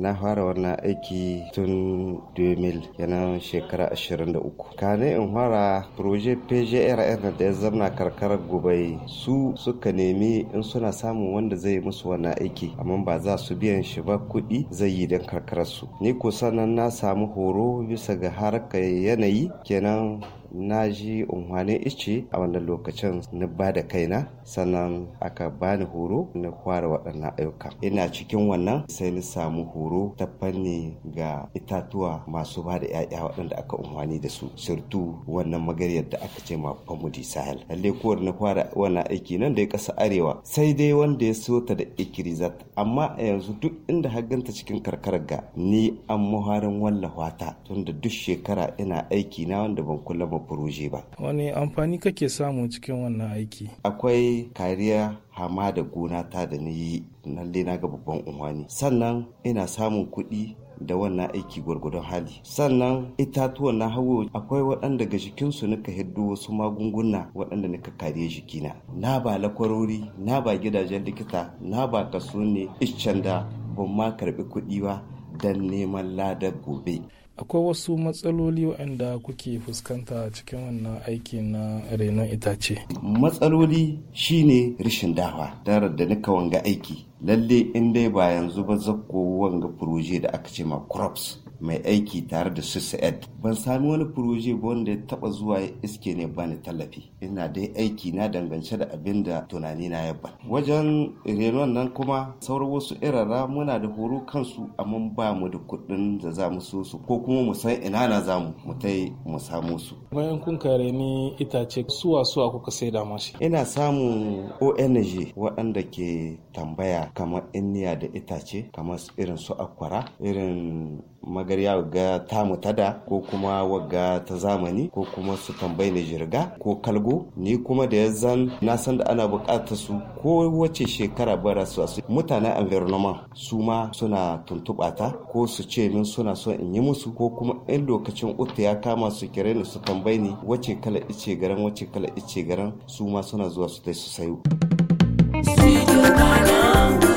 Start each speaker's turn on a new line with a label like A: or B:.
A: na fara wannan aiki tun 2000 kenan shekara 23 kane in fara proje pjrn da ya zama karkarar gobe su suka nemi in suna samun wanda zai musu wannan aiki amma ba za su biyan shi ba kuɗi zai yi don karkararsu ni kusa nan na samu horo bisa ga harkar yanayi kenan na ji unhwanin ice a wannan lokacin na ba da kaina sannan aka bani horo na fara waɗannan ayyuka ina cikin wannan sai na samu horo ta fanni ga itatuwa masu ba da 'ya'ya waɗanda aka unhwani da su surtu wannan magaryar da aka ce ma famudi sahel lalle kowar na fara wannan aiki nan da ya kasa arewa sai dai wanda ya so ta da ikirizat amma a yanzu duk inda haganta cikin karkarar ga ni an muharin wallafa ta tunda duk shekara ina aiki na wanda ban kula ba furoje ba. Wani amfani kake samu cikin wannan aiki? Akwai kariya hama da gona ta da ni yi lalle na ga babban umarni. Sannan ina samun kuɗi da wannan aiki gwargwadon hali sannan itatuwan na hawo akwai waɗanda ga jikinsu nika hiddo wasu magunguna waɗanda nika kariya jikina na ba lakwarori na ba gidajen likita na ba kaso ne iccen da ban ma karɓi kuɗi ba don neman lada gobe akwai wasu matsaloli waɗanda kuke fuskanta cikin wannan aiki na renon itace matsaloli shine rashin dawa tare da nika wanga aiki lalle in dai ba yanzu ba zakko wanga furoje da aka ce ma crops mai aiki tare da su sa'ad ban sami wani furoje ba wanda ya taɓa zuwa iske ne bani tallafi ina dai aiki na dangance da abin da tunani na ya wajen renon nan kuma sauran wasu irara muna da horo kansu amma ba mu da kuɗin da za mu so su ko kuma mu san ina na za mu mu tai mu samu su bayan kun kare ni itace suwa suwa kuka saida mashi ina samun ONG waɗanda ke tambaya kamar inniya da itace kamar irin su akwara irin magarya ga ta mutada ko kuma wagga ta zamani ko kuma su tambayi ne jirga ko kalgo ni kuma da ya zan na san da ana bukatar su ko wace shekara bara su asu mutanen environment su ma suna tuntuɓa ko su ce min suna so in yi musu ko kuma in lokacin uta ya kama su kire ni su tambayi ni wace kala ice garan wace kala ice garan su ma suna zuwa su tai su sayo. Studio Ghana.